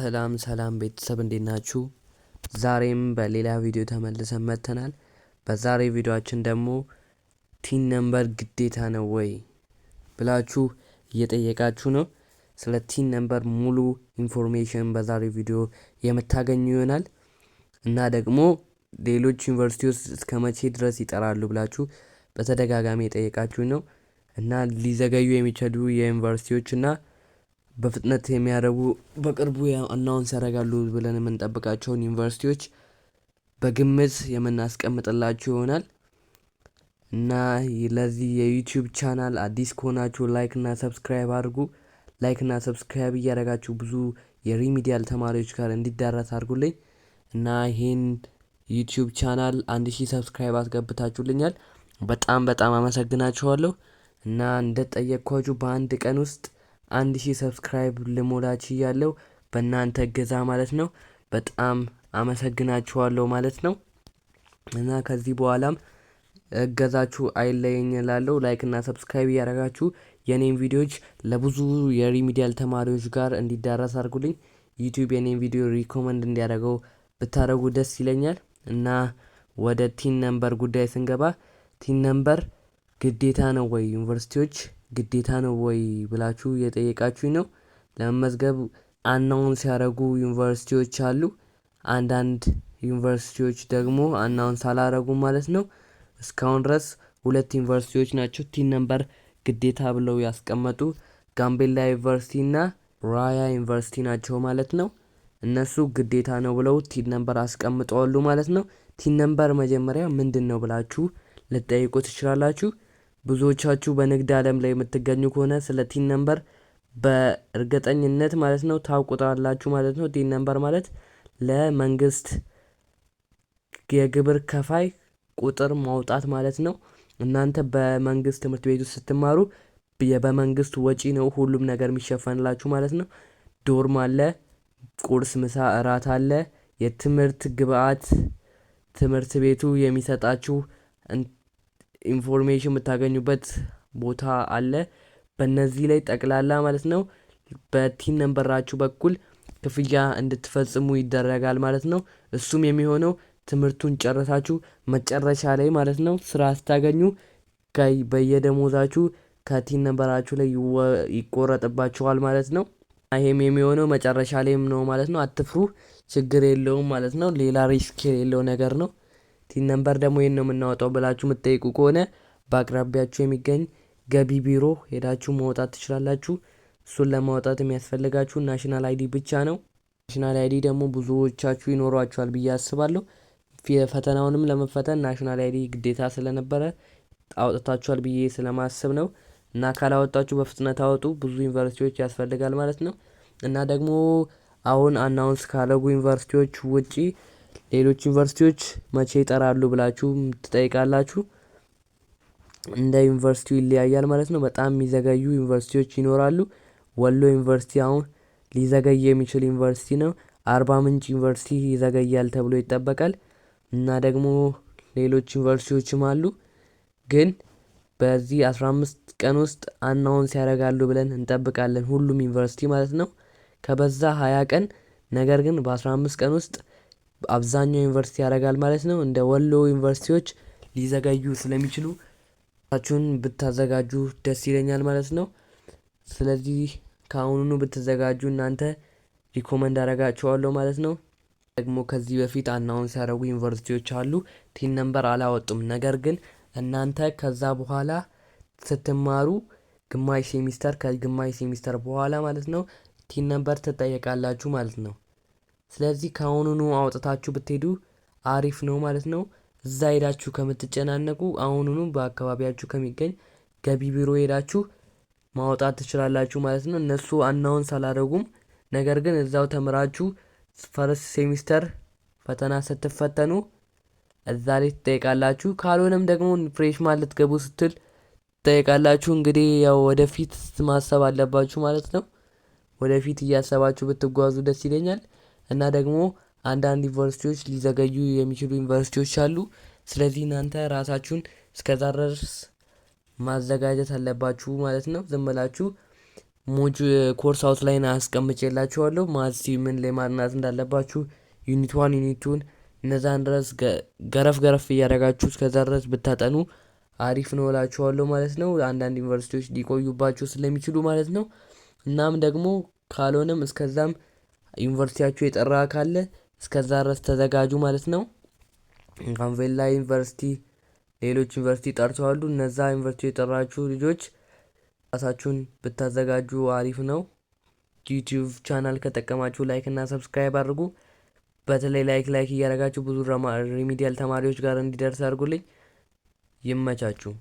ሰላም ሰላም ቤተሰብ እንዴት ናችሁ? ዛሬም በሌላ ቪዲዮ ተመልሰን መጥተናል። በዛሬ ቪዲዮአችን ደግሞ ቲን ነምበር ግዴታ ነው ወይ ብላችሁ እየጠየቃችሁ ነው። ስለ ቲን ነምበር ሙሉ ኢንፎርሜሽን በዛሬ ቪዲዮ የምታገኙ ይሆናል እና ደግሞ ሌሎች ዩኒቨርሲቲዎች እስከ መቼ ድረስ ይጠራሉ ብላችሁ በተደጋጋሚ የጠየቃችሁ ነው እና ሊዘገዩ የሚችሉ የዩኒቨርሲቲዎች እና በፍጥነት የሚያደርጉ በቅርቡ አናውንስ ያደርጋሉ ብለን የምንጠብቃቸውን ዩኒቨርሲቲዎች በግምት የምናስቀምጥላችሁ ይሆናል እና ለዚህ የዩቲዩብ ቻናል አዲስ ከሆናችሁ ላይክ እና ሰብስክራይብ አድርጉ። ላይክ እና ሰብስክራይብ እያደረጋችሁ ብዙ የሪሚዲያል ተማሪዎች ጋር እንዲዳረስ አድርጉልኝ እና ይህን ዩቲዩብ ቻናል አንድ ሺህ ሰብስክራይብ አስገብታችሁልኛል። በጣም በጣም አመሰግናችኋለሁ እና እንደጠየቅኳችሁ በአንድ ቀን ውስጥ አንድ ሺህ ሰብስክራይብ ልሞላች እያለው በእናንተ እገዛ ማለት ነው። በጣም አመሰግናችኋለሁ ማለት ነው እና ከዚህ በኋላም እገዛችሁ አይለየኝ እላለሁ። ላይክ እና ሰብስክራይብ እያደረጋችሁ የኔም ቪዲዮዎች ለብዙ የሪሚዲያል ተማሪዎች ጋር እንዲዳረስ አድርጉልኝ። ዩቲዩብ የኔም ቪዲዮ ሪኮመንድ እንዲያደርገው ብታደረጉ ደስ ይለኛል እና ወደ ቲን ነምበር ጉዳይ ስንገባ ቲን ነምበር ግዴታ ነው ወይ ዩኒቨርሲቲዎች ግዴታ ነው ወይ ብላችሁ የጠየቃችሁኝ ነው። ለመመዝገብ አናውንስ ያደረጉ ዩኒቨርሲቲዎች አሉ። አንዳንድ ዩኒቨርሲቲዎች ደግሞ አናውንስ አላረጉ ማለት ነው። እስካሁን ድረስ ሁለት ዩኒቨርሲቲዎች ናቸው ቲን ነምበር ግዴታ ብለው ያስቀመጡ ጋምቤላ ዩኒቨርሲቲ እና ራያ ዩኒቨርሲቲ ናቸው ማለት ነው። እነሱ ግዴታ ነው ብለው ቲን ነምበር አስቀምጠዋሉ ማለት ነው። ቲን ነምበር መጀመሪያ ምንድን ነው ብላችሁ ልጠይቁ ትችላላችሁ። ብዙዎቻችሁ በንግድ ዓለም ላይ የምትገኙ ከሆነ ስለ ቲን ነምበር በእርግጠኝነት ማለት ነው ታውቁታላችሁ ማለት ነው። ቲን ነምበር ማለት ለመንግስት የግብር ከፋይ ቁጥር ማውጣት ማለት ነው። እናንተ በመንግስት ትምህርት ቤት ውስጥ ስትማሩ በመንግስት ወጪ ነው ሁሉም ነገር የሚሸፈንላችሁ ማለት ነው። ዶርም አለ፣ ቁርስ፣ ምሳ፣ እራት አለ። የትምህርት ግብአት ትምህርት ቤቱ የሚሰጣችሁ ኢንፎርሜሽን የምታገኙበት ቦታ አለ። በእነዚህ ላይ ጠቅላላ ማለት ነው በቲን ነንበራችሁ በኩል ክፍያ እንድትፈጽሙ ይደረጋል ማለት ነው። እሱም የሚሆነው ትምህርቱን ጨረሳችሁ መጨረሻ ላይ ማለት ነው ስራ ስታገኙ በየደሞዛችሁ ከቲን ነንበራችሁ ላይ ይቆረጥባችኋል ማለት ነው። ይሄም የሚሆነው መጨረሻ ላይም ነው ማለት ነው። አትፍሩ፣ ችግር የለውም ማለት ነው። ሌላ ሪስክ የሌለው ነገር ነው። ቲን ነምበር ደግሞ ይህን ነው የምናወጣው ብላችሁ የምትጠይቁ ከሆነ በአቅራቢያችሁ የሚገኝ ገቢ ቢሮ ሄዳችሁ ማውጣት ትችላላችሁ። እሱን ለማውጣት የሚያስፈልጋችሁ ናሽናል አይዲ ብቻ ነው። ናሽናል አይዲ ደግሞ ብዙዎቻችሁ ይኖሯችኋል ብዬ አስባለሁ። ፈተናውንም ለመፈተን ናሽናል አይዲ ግዴታ ስለነበረ አውጥታችኋል ብዬ ስለማስብ ነው። እና ካላወጣችሁ በፍጥነት አወጡ። ብዙ ዩኒቨርሲቲዎች ያስፈልጋል ማለት ነው። እና ደግሞ አሁን አናውንስ ካለጉ ዩኒቨርሲቲዎች ውጪ ሌሎች ዩኒቨርሲቲዎች መቼ ይጠራሉ ብላችሁ ትጠይቃላችሁ። እንደ ዩኒቨርሲቲው ይለያያል ማለት ነው። በጣም የሚዘገዩ ዩኒቨርሲቲዎች ይኖራሉ። ወሎ ዩኒቨርሲቲ አሁን ሊዘገይ የሚችል ዩኒቨርሲቲ ነው። አርባ ምንጭ ዩኒቨርሲቲ ይዘገያል ተብሎ ይጠበቃል እና ደግሞ ሌሎች ዩኒቨርሲቲዎችም አሉ ግን በዚህ አምስት ቀን ውስጥ አናውንስ ያደርጋሉ ብለን እንጠብቃለን። ሁሉም ዩኒቨርሲቲ ማለት ነው ከበዛ ሀያ ቀን ነገር ግን በ15 ቀን ውስጥ አብዛኛው ዩኒቨርሲቲ ያደርጋል ማለት ነው። እንደ ወሎ ዩኒቨርሲቲዎች ሊዘጋጁ ስለሚችሉ ራሳችሁን ብታዘጋጁ ደስ ይለኛል ማለት ነው። ስለዚህ ከአሁኑኑ ብትዘጋጁ እናንተ ሪኮመንድ አደርጋችኋለሁ ማለት ነው። ደግሞ ከዚህ በፊት አናውንስ ያደረጉ ዩኒቨርሲቲዎች አሉ። ቲን ነንበር አላወጡም። ነገር ግን እናንተ ከዛ በኋላ ስትማሩ ግማሽ ሴሚስተር ከግማሽ ሴሚስተር በኋላ ማለት ነው ቲን ነንበር ትጠየቃላችሁ ማለት ነው። ስለዚህ ከአሁኑኑ አውጥታችሁ ብትሄዱ አሪፍ ነው ማለት ነው። እዛ ሄዳችሁ ከምትጨናነቁ አሁኑኑ በአካባቢያችሁ ከሚገኝ ገቢ ቢሮ ሄዳችሁ ማውጣት ትችላላችሁ ማለት ነው። እነሱ አናውንስ አላደረጉም። ነገር ግን እዛው ተምራችሁ ፈርስት ሴሚስተር ፈተና ስትፈተኑ እዛ ላይ ትጠይቃላችሁ። ካልሆነም ደግሞ ፍሬሽማን ልትገቡ ስትል ትጠይቃላችሁ። እንግዲህ ያው ወደፊት ማሰብ አለባችሁ ማለት ነው። ወደፊት እያሰባችሁ ብትጓዙ ደስ ይለኛል። እና ደግሞ አንዳንድ ዩኒቨርሲቲዎች ሊዘገዩ የሚችሉ ዩኒቨርሲቲዎች አሉ። ስለዚህ እናንተ ራሳችሁን እስከዛ ድረስ ማዘጋጀት አለባችሁ ማለት ነው። ዝም ብላችሁ ሞጅ ኮርስ አውት ላይን አስቀምጬላችኋለሁ ማዚ ምን ላይ ማጥናት እንዳለባችሁ ዩኒት ዋን ዩኒት ቱን እነዛን ድረስ ገረፍ ገረፍ እያደረጋችሁ እስከዛ ድረስ ብታጠኑ አሪፍ ነው እላችኋለሁ ማለት ነው። አንዳንድ ዩኒቨርሲቲዎች ሊቆዩባችሁ ስለሚችሉ ማለት ነው። እናም ደግሞ ካልሆነም እስከዛም ዩኒቨርሲቲያችሁ የጠራ ካለ እስከዛ ድረስ ተዘጋጁ ማለት ነው። ካንቬላ ዩኒቨርሲቲ፣ ሌሎች ዩኒቨርሲቲ ጠርተዋሉ። እነዛ ዩኒቨርሲቲ የጠራችሁ ልጆች ራሳችሁን ብታዘጋጁ አሪፍ ነው። ዩቲዩብ ቻናል ከጠቀማችሁ ላይክ እና ሰብስክራይብ አድርጉ። በተለይ ላይክ ላይክ እያደረጋችሁ ብዙ ሪሚዲያል ተማሪዎች ጋር እንዲደርስ አድርጉልኝ። ይመቻችሁ።